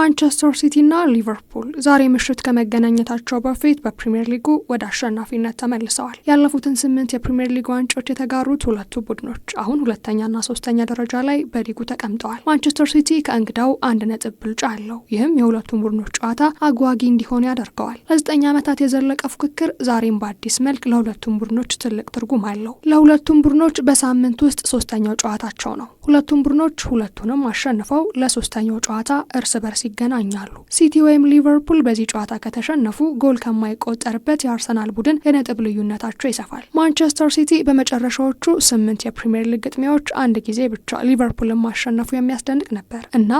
ማንቸስተር ሲቲና ሊቨርፑል ዛሬ ምሽት ከመገናኘታቸው በፊት በፕሪምየር ሊጉ ወደ አሸናፊነት ተመልሰዋል። ያለፉትን ስምንት የፕሪምየር ሊግ ዋንጫዎች የተጋሩት ሁለቱ ቡድኖች አሁን ሁለተኛና ሶስተኛ ደረጃ ላይ በሊጉ ተቀምጠዋል። ማንቸስተር ሲቲ ከእንግዳው አንድ ነጥብ ብልጫ አለው። ይህም የሁለቱም ቡድኖች ጨዋታ አጓጊ እንዲሆን ያደርገዋል። ለዘጠኝ ዓመታት የዘለቀ ፉክክር ዛሬም በአዲስ መልክ ለሁለቱም ቡድኖች ትልቅ ትርጉም አለው። ለሁለቱም ቡድኖች በሳምንት ውስጥ ሶስተኛው ጨዋታቸው ነው። ሁለቱም ቡድኖች ሁለቱንም አሸንፈው ለሶስተኛው ጨዋታ እርስ በርስ ይገናኛሉ። ሲቲ ወይም ሊቨርፑል በዚህ ጨዋታ ከተሸነፉ ጎል ከማይቆጠርበት የአርሰናል ቡድን የነጥብ ልዩነታቸው ይሰፋል። ማንቸስተር ሲቲ በመጨረሻዎቹ ስምንት የፕሪምየር ሊግ ግጥሚያዎች አንድ ጊዜ ብቻ ሊቨርፑልን ማሸነፉ የሚያስደንቅ ነበር እና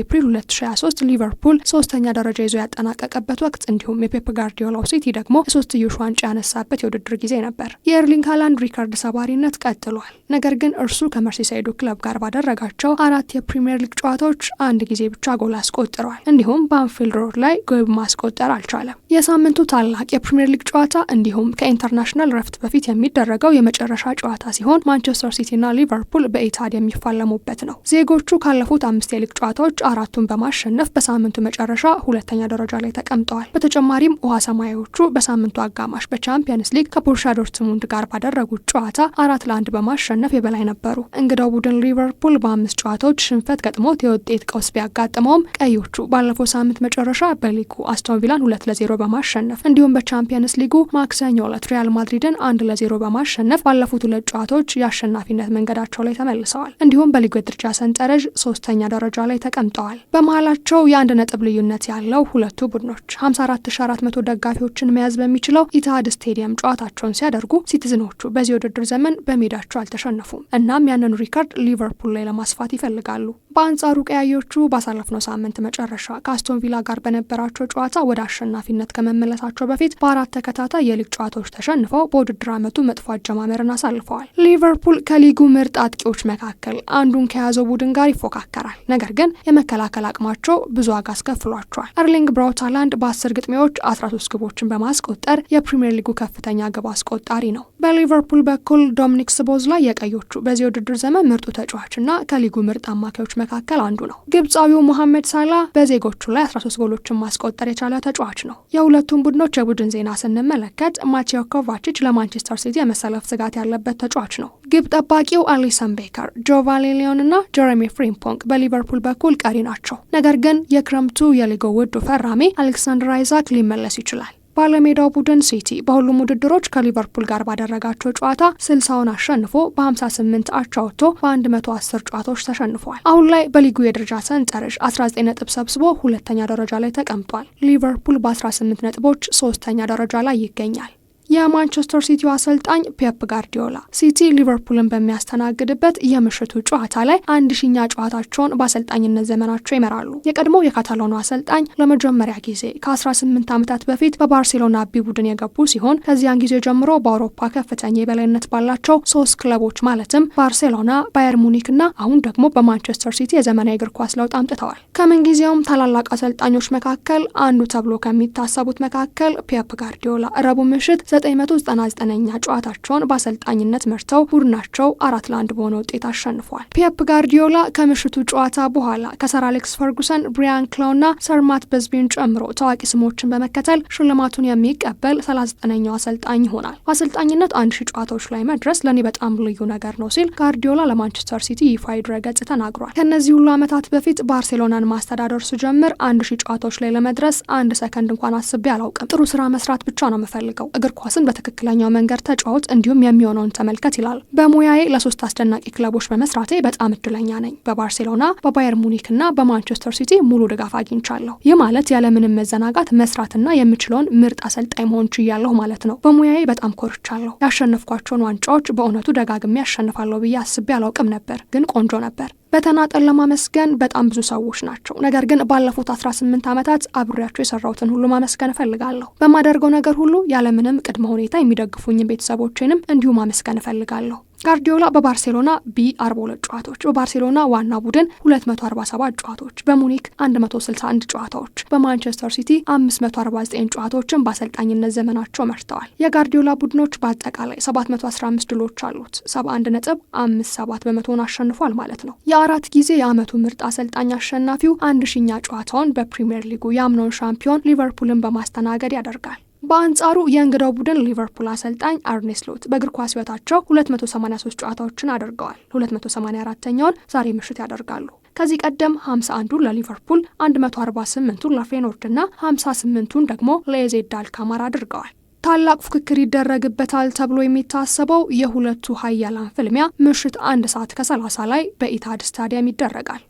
ኤፕሪል 2023 ሊቨርፑል ሶስተኛ ደረጃ ይዞ ያጠናቀቀበት ወቅት እንዲሁም የፔፕ ጋርዲዮላው ሲቲ ደግሞ የሶስትዮሽ ዋንጫ ያነሳበት የውድድር ጊዜ ነበር። የኤርሊንግ ሃላንድ ሪካርድ ሰባሪነት ቀጥሏል። ነገር ግን እርሱ ከመርሲሳይዱ ክለብ ጋር ባደረጋቸው አራት የፕሪምየር ሊግ ጨዋታዎች አንድ ጊዜ ብቻ ጎል አስቆጥ ተቆጥረዋል። እንዲሁም በአንፊልድ ሮድ ላይ ግብ ማስቆጠር አልቻለም። የሳምንቱ ታላቅ የፕሪምየር ሊግ ጨዋታ እንዲሁም ከኢንተርናሽናል ረፍት በፊት የሚደረገው የመጨረሻ ጨዋታ ሲሆን ማንቸስተር ሲቲና ሊቨርፑል በኢታድ የሚፋለሙበት ነው። ዜጎቹ ካለፉት አምስት የሊግ ጨዋታዎች አራቱን በማሸነፍ በሳምንቱ መጨረሻ ሁለተኛ ደረጃ ላይ ተቀምጠዋል። በተጨማሪም ውሃ ሰማያዎቹ በሳምንቱ አጋማሽ በቻምፒየንስ ሊግ ከቦርሻ ዶርትሙንድ ጋር ባደረጉት ጨዋታ አራት ለአንድ በማሸነፍ የበላይ ነበሩ። እንግዳው ቡድን ሊቨርፑል በአምስት ጨዋታዎች ሽንፈት ገጥሞት የውጤት ቀውስ ቢያጋጥመውም ቀዩ ቡድኖቹ ባለፈው ሳምንት መጨረሻ በሊጉ አስቶን ቪላን ሁለት ለዜሮ በማሸነፍ እንዲሁም በቻምፒየንስ ሊጉ ማክሰኞ ዕለት ሪያል ማድሪድን አንድ ለዜሮ በማሸነፍ ባለፉት ሁለት ጨዋታዎች የአሸናፊነት መንገዳቸው ላይ ተመልሰዋል። እንዲሁም በሊጉ የደረጃ ሰንጠረዥ ሶስተኛ ደረጃ ላይ ተቀምጠዋል። በመሀላቸው የአንድ ነጥብ ልዩነት ያለው ሁለቱ ቡድኖች 54400 ደጋፊዎችን መያዝ በሚችለው ኢትሃድ ስቴዲየም ጨዋታቸውን ሲያደርጉ ሲቲዝኖቹ በዚህ ውድድር ዘመን በሜዳቸው አልተሸነፉም። እናም ያንን ሪከርድ ሊቨርፑል ላይ ለማስፋት ይፈልጋሉ። በአንጻሩ ቀያዮቹ ባሳለፍነው ሳምንት መጨረሻ ከአስቶን ቪላ ጋር በነበራቸው ጨዋታ ወደ አሸናፊነት ከመመለሳቸው በፊት በአራት ተከታታይ የሊግ ጨዋታዎች ተሸንፈው በውድድር ዓመቱ መጥፎ አጀማመርን አሳልፈዋል። ሊቨርፑል ከሊጉ ምርጥ አጥቂዎች መካከል አንዱን ከያዘው ቡድን ጋር ይፎካከራል። ነገር ግን የመከላከል አቅማቸው ብዙ ዋጋ አስከፍሏቸዋል። ኤርሊንግ ብራውት ሃላንድ በአስር ግጥሚያዎች 13 ግቦችን በማስቆጠር የፕሪምየር ሊጉ ከፍተኛ ግብ አስቆጣሪ ነው። በሊቨርፑል በኩል ዶሚኒክ ስቦዝ ላይ የቀዮቹ በዚህ ውድድር ዘመን ምርጡ ተጫዋችና ከሊጉ ምርጥ አማካዮች መካከል አንዱ ነው። ግብፃዊው ሞሐመድ ሳላ በዜጎቹ ላይ 13 ጎሎችን ማስቆጠር የቻለ ተጫዋች ነው። የሁለቱም ቡድኖች የቡድን ዜና ስንመለከት ማቴዮ ኮቫችች ለማንቸስተር ሲቲ የመሰለፍ ስጋት ያለበት ተጫዋች ነው። ግብ ጠባቂው አሊሰን ቤከር፣ ጆቫሌ ሊዮን እና ጀረሚ ፍሪምፖንግ በሊቨርፑል በኩል ቀሪ ናቸው። ነገር ግን የክረምቱ የሊጎ ውዱ ፈራሜ አሌክሳንድር አይዛክ ሊመለስ ይችላል። ባለሜዳው ቡድን ሲቲ በሁሉም ውድድሮች ከሊቨርፑል ጋር ባደረጋቸው ጨዋታ ስልሳውን አሸንፎ በ58 አቻ ወጥቶ በ110 ጨዋታዎች ተሸንፏል። አሁን ላይ በሊጉ የደረጃ ሰንጠረዥ 19 ነጥብ ሰብስቦ ሁለተኛ ደረጃ ላይ ተቀምጧል። ሊቨርፑል በ18 ነጥቦች ሶስተኛ ደረጃ ላይ ይገኛል። የማንቸስተር ሲቲው አሰልጣኝ ፔፕ ጋርዲዮላ ሲቲ ሊቨርፑልን በሚያስተናግድበት የምሽቱ ጨዋታ ላይ አንድ ሺኛ ጨዋታቸውን በአሰልጣኝነት ዘመናቸው ይመራሉ። የቀድሞው የካታሎኑ አሰልጣኝ ለመጀመሪያ ጊዜ ከ18 ዓመታት በፊት በባርሴሎና ቢ ቡድን የገቡ ሲሆን ከዚያን ጊዜ ጀምሮ በአውሮፓ ከፍተኛ የበላይነት ባላቸው ሶስት ክለቦች ማለትም ባርሴሎና፣ ባየር ሙኒክ እና አሁን ደግሞ በማንቸስተር ሲቲ የዘመናዊ እግር ኳስ ለውጥ አምጥተዋል። ከምንጊዜውም ታላላቅ አሰልጣኞች መካከል አንዱ ተብሎ ከሚታሰቡት መካከል ፔፕ ጋርዲዮላ ረቡዕ ምሽት 999 ኛ ጨዋታቸውን በአሰልጣኝነት መርተው ቡድናቸው አራት ለአንድ በሆነ ውጤት አሸንፏል። ፔፕ ጋርዲዮላ ከምሽቱ ጨዋታ በኋላ ከሰር አሌክስ ፈርጉሰን፣ ብሪያን ክላው ና ሰርማት በዝቢን ጨምሮ ታዋቂ ስሞችን በመከተል ሽልማቱን የሚቀበል 39ኛው አሰልጣኝ ይሆናል። በአሰልጣኝነት አንድ ሺ ጨዋታዎች ላይ መድረስ ለእኔ በጣም ልዩ ነገር ነው ሲል ጋርዲዮላ ለማንቸስተር ሲቲ ይፋዊ ድረገጽ ተናግሯል። ከእነዚህ ሁሉ ዓመታት በፊት ባርሴሎናን ማስተዳደር ስጀምር አንድ ሺህ ጨዋታዎች ላይ ለመድረስ አንድ ሰከንድ እንኳን አስቤ አላውቅም። ጥሩ ስራ መስራት ብቻ ነው የምፈልገው። እግር ኳስ ኳስን በትክክለኛው መንገድ ተጫወት፣ እንዲሁም የሚሆነውን ተመልከት ይላል። በሙያዬ ለሶስት አስደናቂ ክለቦች በመስራቴ በጣም እድለኛ ነኝ። በባርሴሎና፣ በባየር ሙኒክ እና በማንቸስተር ሲቲ ሙሉ ድጋፍ አግኝቻለሁ። ይህ ማለት ያለምንም መዘናጋት መስራትና የምችለውን ምርጥ አሰልጣኝ መሆን ችያለሁ ማለት ነው። በሙያዬ በጣም ኮርቻለሁ። ያሸነፍኳቸውን ዋንጫዎች በእውነቱ ደጋግሜ ያሸንፋለሁ ብዬ አስቤ አላውቅም ነበር፣ ግን ቆንጆ ነበር። በተናጠል ለማመስገን በጣም ብዙ ሰዎች ናቸው። ነገር ግን ባለፉት 18 ዓመታት አብሬያቸው የሰራሁትን ሁሉ ማመስገን እፈልጋለሁ። በማደርገው ነገር ሁሉ ያለምንም ቅድመ ሁኔታ የሚደግፉኝን ቤተሰቦቼንም እንዲሁ ማመስገን እፈልጋለሁ። ጋርዲዮላ በባርሴሎና ቢ 42 ጨዋታዎች፣ በባርሴሎና ዋና ቡድን 247 ጨዋታዎች፣ በሙኒክ 161 ጨዋታዎች፣ በማንቸስተር ሲቲ 549 ጨዋታዎችን በአሰልጣኝነት ዘመናቸው መርተዋል። የጋርዲዮላ ቡድኖች በአጠቃላይ 715 ድሎች አሉት፣ 71 ነጥብ 57 በመቶን አሸንፏል ማለት ነው። የአራት ጊዜ የዓመቱ ምርጥ አሰልጣኝ አሸናፊው አንድ ሺኛ ጨዋታውን በፕሪምየር ሊጉ የአምናውን ሻምፒዮን ሊቨርፑልን በማስተናገድ ያደርጋል። በአንጻሩ የእንግዳው ቡድን ሊቨርፑል አሰልጣኝ አርኔ ስሎት በእግር ኳስ ህይወታቸው 283 ጨዋታዎችን አድርገዋል። 284ኛውን ዛሬ ምሽት ያደርጋሉ። ከዚህ ቀደም 51ዱን ለሊቨርፑል፣ 148ቱን ለፌኖርድ እና 58ቱን ደግሞ ለኤዜድ አልካማራ አድርገዋል። ታላቅ ፉክክር ይደረግበታል ተብሎ የሚታሰበው የሁለቱ ሀያላን ፍልሚያ ምሽት አንድ ሰዓት ከ30 ላይ በኢታድ ስታዲየም ይደረጋል።